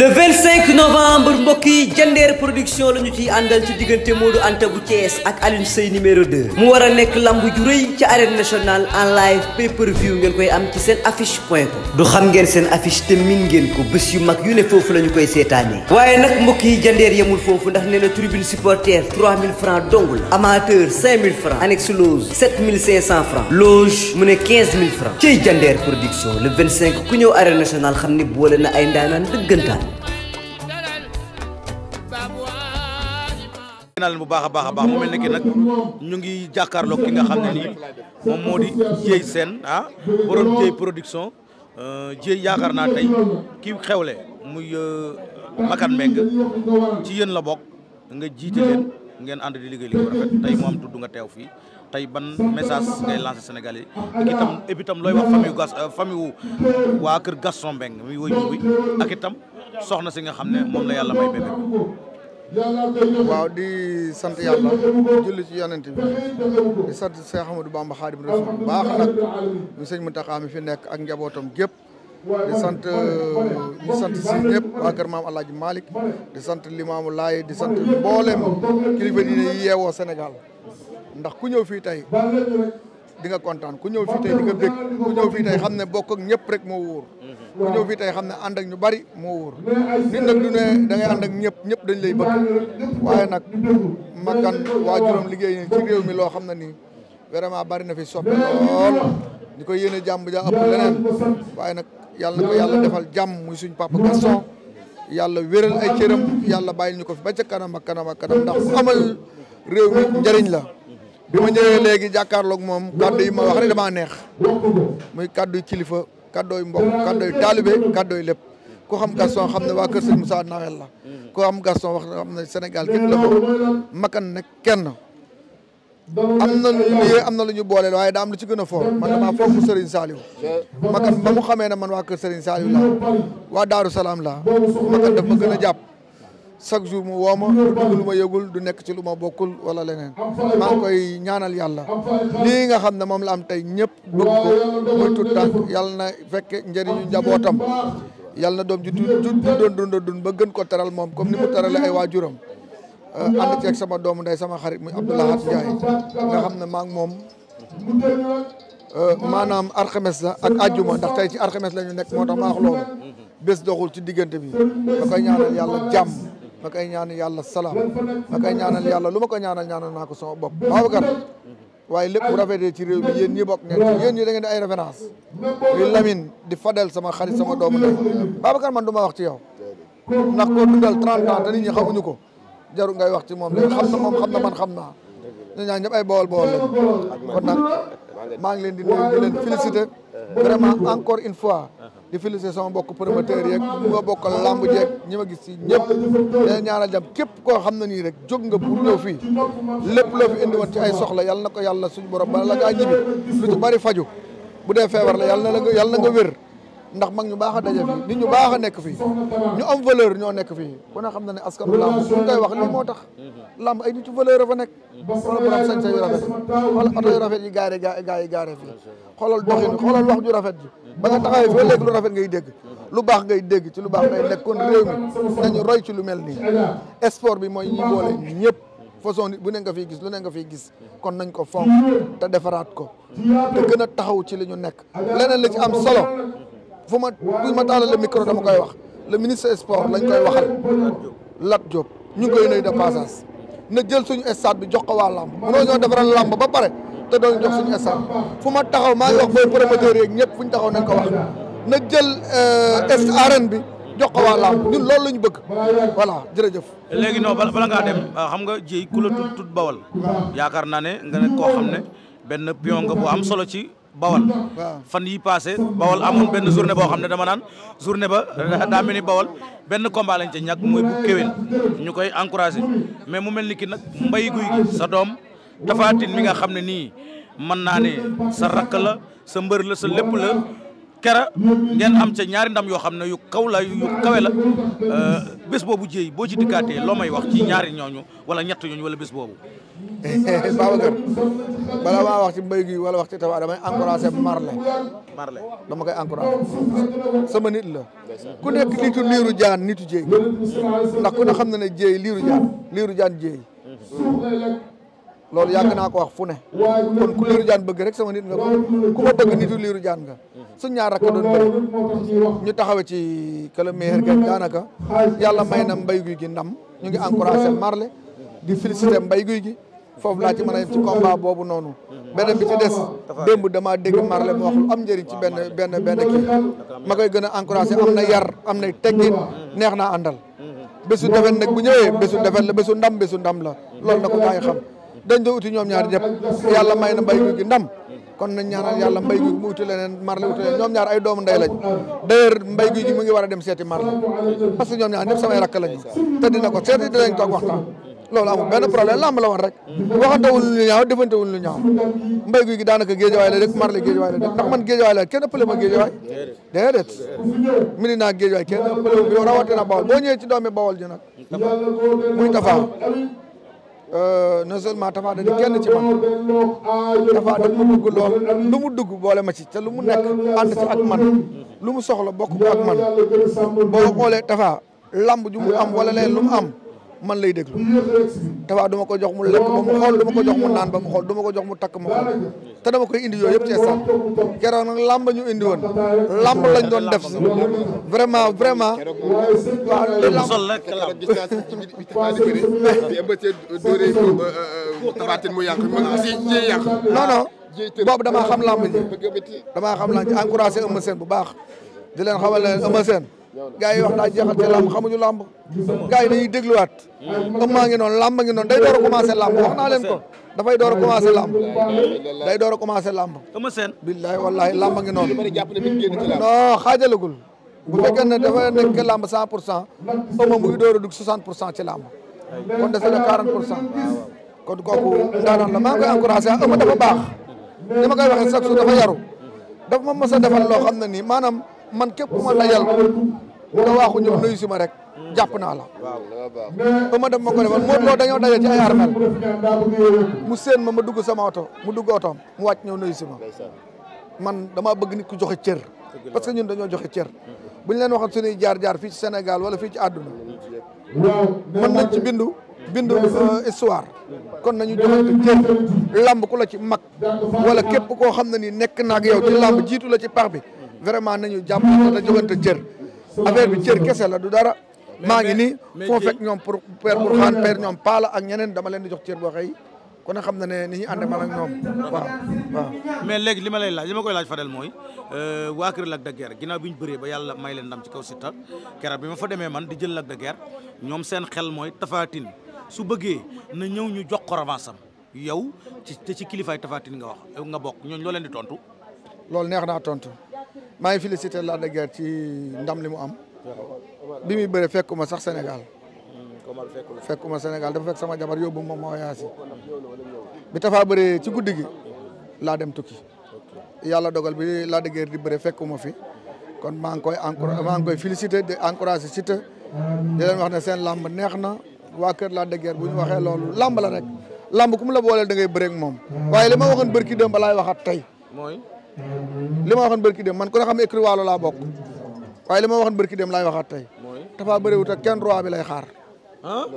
le 25 novembre mbokk yi jandeer production la ñu ciy àndal ci diggante moo Anta bu Thiès ak Alioune Seye numéro 2 mu war a nekk lamb ju rëy ci arène national en live pay per view ngeen koy am ci seen affiche point com du xam ngeen seen affiche te min ngeen ko bés yu mag yu ne foofu la ñu koy seetaanee waaye nag mbokk yi jandeer yemul foofu ndax nee na tribune supporter 3000 francs dong la amateur 5000 francs annexe loge 7500 francs loge mu ne 15000 francs ciy jandeer production le 25 ku ñëw arène nationale xam ni boole na ay ndaanaan dëggantaan naa leen bu baax a baax a baax mu mel ne ki nag ñu ngi jàkkaarloog ki nga xam ne nii moom moo di Dieye seen ah borom Dieye production euh, Dieye yaakaar naa tey ki xewle muy euh, Makan meg ci yéen la bokk nga jiite leen ngeen ànd di liggéey li ko rafet tey mu tudd nga teew fii tey ban message ngay lancé Sénégalais ak itam et looy wax famille euh, waa kër Gaston Mbeng mi woy bi ak itam soxna si nga xam ne moom na yàlla may bébé waaw di sant yàlla julli ci yonent bi di sant Cheikh Ahmadou Bamba Khadim Rasoul baax nag ñu sëñ Mountakha mi fi nekk ak njabootam gépp di sant di sant si maam Alaaji Malick di sant Limaamu Laay di sant mboolem kilifa diine yi yeewoo ndax ku ñëw fii tey di nga kontaan ku ñëw fii tey di nga ku ñëw fii xam ne bokk ak ñëpp rek moo wóor ku ñëw fii tey xam ne ànd ak ñu bari moo wóor nit nag du ne da ngay ànd ak ñëpp ñëpp dañ lay bëgg waaye nag makkan waajuram liggéey ni ci réew mi loo xam ne nii vraiment bari na fi soppi lool ñu ko yéene jàmm ja ëpp leneen waaye nag yàlla yàlla defal jàmm muy suñ papa Gaston yàlla wéral ay cëram yàlla bàyyil ñu ko fi ba ca kanam ak kanam ak kanam ndax amal réew mi njariñ la bi ma ñëwee léegi jàkkaarloog moom kaddu yi ma wax rek damaa neex muy kaddu kilifa kaddoy mbokk kaddoy taalibe kaddoy lépp ku xam Gaston xam ne waa Kër Sëñ Moussa Nawel la ku xam Gaston wax xam ne Sénégal képp la bokk makan ne kenn am na lu ñu am na lu ñu booleel waaye daam lu ci gën a foor man damaa foog Serigne Saliou makan ba mu xamee ne man waa Kër Serigne Saliou la waa Daaru Salaam la makan daf ma gën a jàpp chaque jour mu woo ma lu ma yëgul du nekk ci lu ma bokkul wala leneen maa ngi koy ñaanal yàlla lii nga xam ne moom la am tey ñëpp bëgg ko muy tut tànk yàlla na fekke njëriñu njabootam yàlla na doom ji du doon dunda dund ba gën ko teral moom comme ni mu terale ay waajuram ànd ceeg sama doomu ndey sama xarit muy Abdoulahat Ndiaye nga xam ne maa ngi moom euh, maanaam arxames la ak àjjuma ndax tey ci arxames la ñu nekk moo tax ma wax loolu bés doxul ci diggante bi da koy ñaanal yàlla jàmm ma koy ñaanal yàlla salaam ma koy ñaanal yàlla lu ma ko ñaanal ñaanal naa ko sama bopp Babacar waaye lépp bu rafetee ci réew mi yéen bokk ngeen yéen ñi da ngeen di ay di Lamine di Fadel sama xarit sama doomu ndey Babacar man du ma wax ci yow ndax koo dundal 30 ans te nit ñi xamuñu ko jaru ngay wax ci moom léegi xam na moom xam na man xam naa ñu ñaan ñëpp ay bool bool lañ kon nag maa ngi leen di nuyu di leen féliciter encore une fois di féliciter sama mbokk promoteur yeeg ñi ma bokkal làmb jeeg ñi ma gis si ñëpp dina ñaanal jàmm képp koo xam ne nii rek jóg nga pour ñëw fii lépp loo fi indi wat ci ay soxla yàlla na ko yàlla suñu borom bala la ngaa ñibbi lu ci bari faju bu dee feebar la yàlla na la yàlla nga wér ndax mag ñu baax a daje fii nit ñu baax a nekk fii ñu am valeur ñoo nekk fii ku ne xam na ne askanu làmb suñ koy wax lii moo tax làmb ay nit yu valeur a fa nekk xoolal borom sañ sañ yu rafet xoolal oto yu rafet yi gaare gaa yi gaare fii xoolal doxin xoolal wax ju rafet ji ba nga taxawee foo léegi lu rafet ngay dégg lu baax ngay dégg ci lu baax ngay nekk kon réew ci lu mel nii sport bi mooy ñi boole ñëpp façon bu ne nga fiy gis lu ne nga fiy gis kon nañ ko fonk te defaraat ko te gën a taxaw ci li ñu nekk leneen la ci am solo fu ma bu ma taalalee micro dama koy wax le ministre des sports lañ koy waxal Lat Diop ñu ngi koy nuyu de passage na jël suñu stade bi jox ko waa làmb mënoo ñoo defaral ba pare te doon jox fu ma taxaw maa ngi wax booy promoteurs yeeg ñëpp fu ñu taxaw nañ ko wax na jël euh, arène bi jox ko waa làmb ñun loolu la ñu bëgg voilà jërëjëf. léegi non bala ngaa dem euh, xam nga ji ku la tudd bawal yaakaar naa ne nga ne xam ne benn pion nga bu am solo ci. bawal fan yi passé bawal amoon benn journée boo xam ne dama naan journée ba daa mel ni bawal benn combat lañ ca ñàkk mooy bu kéwén ñu koy encouragé mais mu mel ni ki nag mbay guy sa doom tafaatin mi nga xam ne nii mën naa ne sa rakk la sa mbër la sa lépp la kera ngeen am ca ñaari ndam yoo xam ne yu kaw la yu kawe la euh, bés boobu jéey boo ci dikkaatee loo may wax ci ñaari ñooñu wala ñett ñooñu wala bés boobu Babacar bala maa wax ci mbéy gi wala wax ci tawa damay encouragé Marley Marley dama koy encouragé sama ni la ku nekk nitu liiru jaan nitu jéey ndax ku ne xam na ne jéey liiru jaan liiru jaan loolu yàgg naa ko wax fu ne kon ku liiru jaan bëgg rek sama nit nga ku ma bëgg nitu liiru jaan nga suñ ñaar rakk doon bëri ñu taxawe ci këla meilleur ga daanaka yàlla may na mbay guy gi ndam ñu ngi encouragé marle di félicité mbay guy gi foofu laa ci mën a ci combat boobu noonu beneen bi ci des démb damaa dégg marle mu wax am njëriñ ci benn benn benn kii ma koy gën a encouragé am na yar am na teggin neex naa àndal bésu defet nag bu ñëwee bésu defet la bésu ndam ndam la loolu na ko gaa yi dañ doo uti ñoom ñaar jëpp yàlla may na mbay gi ndam kon nañ ñaanal yàlla mbay gi mu uti leneen marle uti leneen ñoom ñaar ay doomu ndey lañ d'ailleurs mbay gi mu ngi war dem seeti marle parce que ñoom ñaar ñëpp samay rakk lañu te dina ko seeti dinañ toog waxtaan loolu amul benn problème lamb la woon rek waxantewul lu ñaaw defantewul lu ñaaw mbay guy gi daanaka géejawaay la rek marle géejawaay la rek ndax man géejawaay la kenn ëppale ma géejawaay déedéet midi naa géejawaay kenn ëppale wu rawatina bawol boo ñëwee Euh, non seulement Tapha Tine kenn ci man Tapha Tine mu dugg lool lu mu dugg boole ma ci ca lu mu nekk ànd ci ak man lu mu soxla bokk ko ak man boo boole Tapha lamb ju am wala leen lu mu am man lay déglu Tapha du ma ko jox mu lekk ba mu xool du ko jox mu naan ba mu xool du ko jox mu takk ma xool te dama koy indi yooyu yëpp ci instant keroog nag ñu indi woon làmb lañ doon def vraiment vraiment waaw li làmb sol rek làmb gis naa bi ëmbatee dóore mu yàq man aussi ñiy yàq non xam làmb ji damaa xam làmb ji encouragé Eumeu Sène bu baax di leen xamal leen Eumeu Sène gars yi wax naa jeexal ci làmb xamuñu làmb gars yi dañuy dégluwaat ëm maa ngi noonu làmb ngi noonu day door a commencé làmb wax naa leen ko dafay door a commencé làmb day door a commencé làmb ëma seen billaay wallaay làmb ngi noonu non xaajalagul bu fekkee ne dafa nekk làmb cent pour cent ëma muy door a dugg soixante pour cent ci làmb kon dese na quarante pour cent kon kooku daanaan la maa ngi koy encouragé ëma dafa baax ni ma koy waxee chaque dafa yaru dafa ma mos a defal man képp ku ma dajal nga waaxu ñëw nuyu si ma rek jàpp naa la. ba ma dem ma ko demal Modou Lo dañoo daje ci ay armel mu séen ma ma dugg sama oto mu dugg otoom mu wàcc ñëw nuyu si ma man damaa bëgg nit ku joxe cër. parce que ñun dañoo joxe cër. bu ñu leen waxoon suñuy jaar jaar fii ci Sénégal wala fii ci àdduna. mën nañ ci bindu. bindu euh, histoire. kon nañu joxante cër. lamb ku la ci mag. wala képp koo xam ne nii nekk na ak yow ci lamb jiitu la ci pax bi. vraiment na ñu nañu jàppale te jógante cër affaire bi cër kese la du dara maa ngi nii foo fekk ñoom pour père Bourkhane père ñoom Paala ak ñeneen dama leen di jox cër boo xëy kon xam na ne ni ñu ànd man ak ñoom waaw waaw mais léegi li ma lay laaj li ma koy laaj Fadel mooy euh, waa kër Lac de Guiers ginnaaw bi ñu bëree ba yàlla may leen ndam ci kaw Siteu keroog bi ma fa demee man di jël Lac de ñoom seen xel mooy tafaatin su bëggee na ñëw ñu jox ko revanche yow ci te ci kilifaay tafaatin nga wax nga bokk ñooñu loo leen di tontu loolu neex naa tontu maa ngi félicité Lac de Guiers ci ndam li mu am. bi muy bëre fekkuma sax Sénégal. fekkuma Sénégal dafa fekk sama jabar yóbbu moom ma wayaasi bi tafaa baree ci guddi gi laa dem tukki. yàlla dogal bi Lac de Guiers di bëre fekkuma fi. kon maa ngi koy encouragé maa ngi koy félicité di encouragé Siteu. di wax ne seen lamb neex na waa kër Lac de bu ñu waxee loolu lamb la rek. lamb ku la booleel da ngay bëre moom. waaye li ma waxoon bërki démb laay waxaat tey. mooy li ma waxoon bërki dem man ku xam ne écrit laa bokk waaye li ma waxoon bërki dem laay waxaat tey Tapha bëréwut ak kenn roi bi lay xaar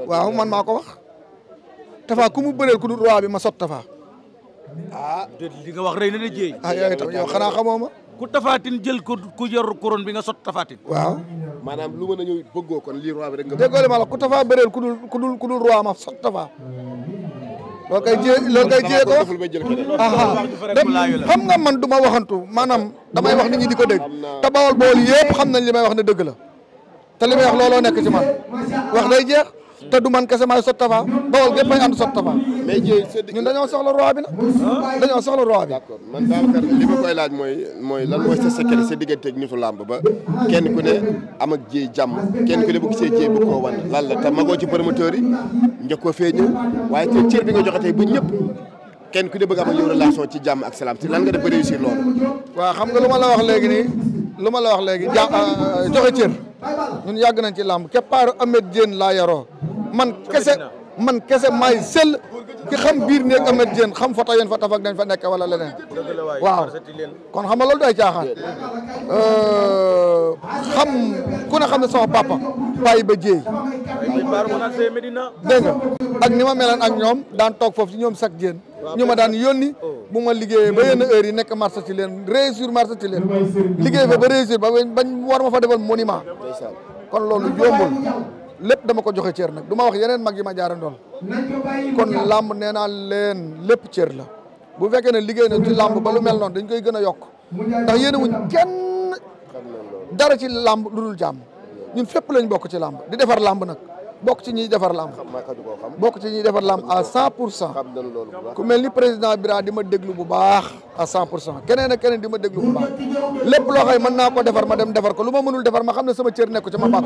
waaw man maa ko wax Tapha ku mu bëreel ku dul roi bi ma sot tafaa ah li nga wax rëy na la jéey ah yooyu tam xanaa xamoo ma ku tafaatin jël ko ku yor couronne bi nga sot tafaatin waaw maanaam lu mën a ñëw bëggoo kon lii roi bi rek nga déggoo li ma la ku tafa bëreel ku dul ku dul ku dul ma sot tafa loo koy jiyee loo koy jiyee ko wax xam nga man du ma waxantu maanaam damay wax nit ñi di ko dégg te bawol bool yëpp xam nañ li may wax ne dëgg la te li may wax looloo nekk ci man wax day jeex te du man kese maay sot Tapha bawol gépp ay ànd sot Tapha mais ñun dañoo soxla roi bi nag dañoo soxla roi bi d'accord man Babacar li ma koy laaj mooy mooy lan mooy sa secret sa digganteeg nitu làmb ba kenn ku ne am ak jiy jàmm kenn ku ne bu gisee jiy bu koo wan lan la te magoo ci promoteur yi njëkkoo fee ñëw waaye te cër bi nga joxe tey ba ñëpp kenn ku ne bëgg am ak yow ci jàmm ak salaam si lan nga de ba réussir loolu waaw xam nga lu ma la wax léegi nii lu ma la wax léegi ja euh, joxe cër ñun yàgg nañ ci làmb keppaaru Amed Diène laa yaroo man kese man kese maay sell ki xam biir néeg Amet Dieng xam fa ta yéen fa tafak dañ fa nekk wala leneen waaw kon xam nga loolu day caaxaan euh, xam ku ne xam ne sama papa bàyyi ba jéey dégg nga ak ni ma melan ak ñoom daan toog foofu ci ñoom sak jéen ñu ma daan yónni oh. bu ma liggéeyee ba yenn heure yi nekk marché ci leen réussir marché ci leen liggéey fa ba réussir ba bañ war ma fa defal monument kon loolu jombul lépp dama ko joxe cër nag du ma wax yeneen mag yi ma jaarandoon kon làmb nee naa leen lépp cër la bu fekkee ne liggéey na ci làmb ba lu mel noon dañ koy gën a yokk ndax yéen wuñ kenn dara ci làmb lu dul jàmm ñun fépp lañ bokk ci làmb di defar làmb nag bokk ci ñuy defar lamb bokk ci ñuy defar lamb à cent pour cent ku mel ni président Bira a ma déglu bu baax a cent pour cent keneen ak keneen di ma déglu bu baax lépp loo xay mën naa ko defar ma dem defar ko lu ma mënul defar ma xam ne sama cër nekku ci ma bàkk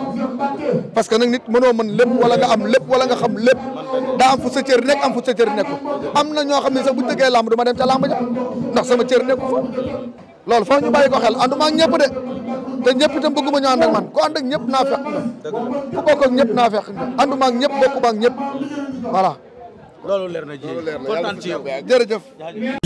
parce que nag nit mënoo mën lépp wala nga am lépp wala nga xam lépp daa am fu sa nekk am na ñoo xam ne sax bu tëggee lamb du ma dem ca lamb ja ndax sama cër nekku fa loolu foofu ñu bàyyi ko xel ànduma ak ñëpp de te ñëpp itam bëgguma ñu ànd ak man ku ànd ak naa fekk nga ku bokk naa fekk nga ànduma ak ñëpp bokkuma ak ñëpp voilà jërëjëf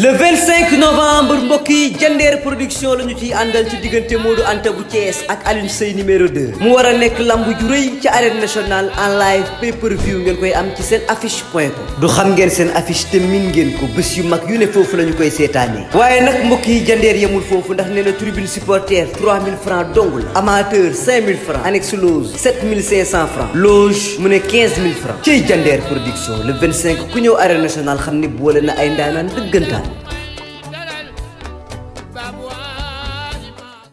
le 25 novembre mbokk yi jandeer production la ñu ciy àndal ci diggante Modou Anta bu Thiès ak Alioune Seye numéro 2 mu war a nekk lamb ju rëy ci arène nationale en live pay per view ngeen koy am ci seen affiche point com du xam ngeen seen affiche te min ngeen ko bés yu mag yu ne foofu la ñu koy seetaanee waaye nag mbokk yi jandeer yemul foofu ndax nee na tribune supporter 3000 francs dong la amateur 5000 francs annexe loge 7500 francs loge mu ne 15000 francs ciy jandeer production ku ñëw arène nationale xam ni boole na ay ndaanaan dëggantaan